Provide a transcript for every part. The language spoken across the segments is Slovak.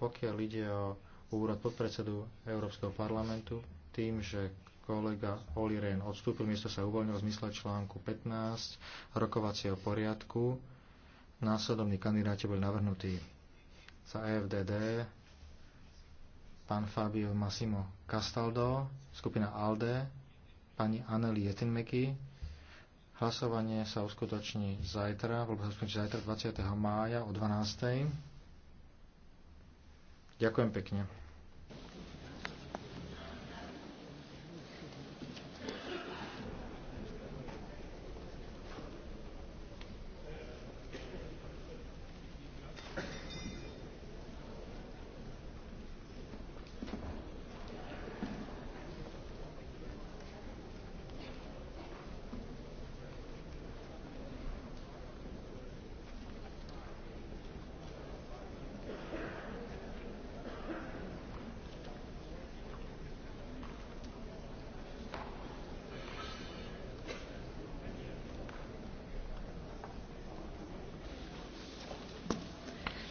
Pokiaľ ide o úrad podpredsedu Európskeho parlamentu, tým, že kolega Oli Rehn odstúpil, miesto sa uvoľnil v zmysle článku 15 rokovacieho poriadku. Následovní kandidáti boli navrhnutí za EFDD pán Fabio Massimo Castaldo, skupina ALDE, pani Anneli Jetinmeky. Hlasovanie sa uskutoční zajtra, voľba sa uskutoční zajtra 20. mája o 12. Ďakujem pekne.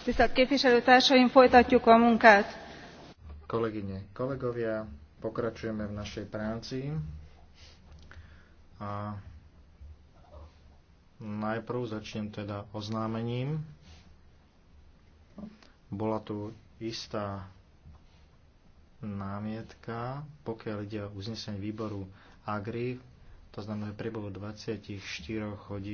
Tisztelt képviselőtársaim, folytatjuk a munkát. Kolegyne, kolegovia, pokračujeme v našej práci. A najprv začnem teda oznámením. Bola tu istá námietka, pokiaľ ide o uznesenie výboru AGRI, to znamená, že prebolo 24 hodín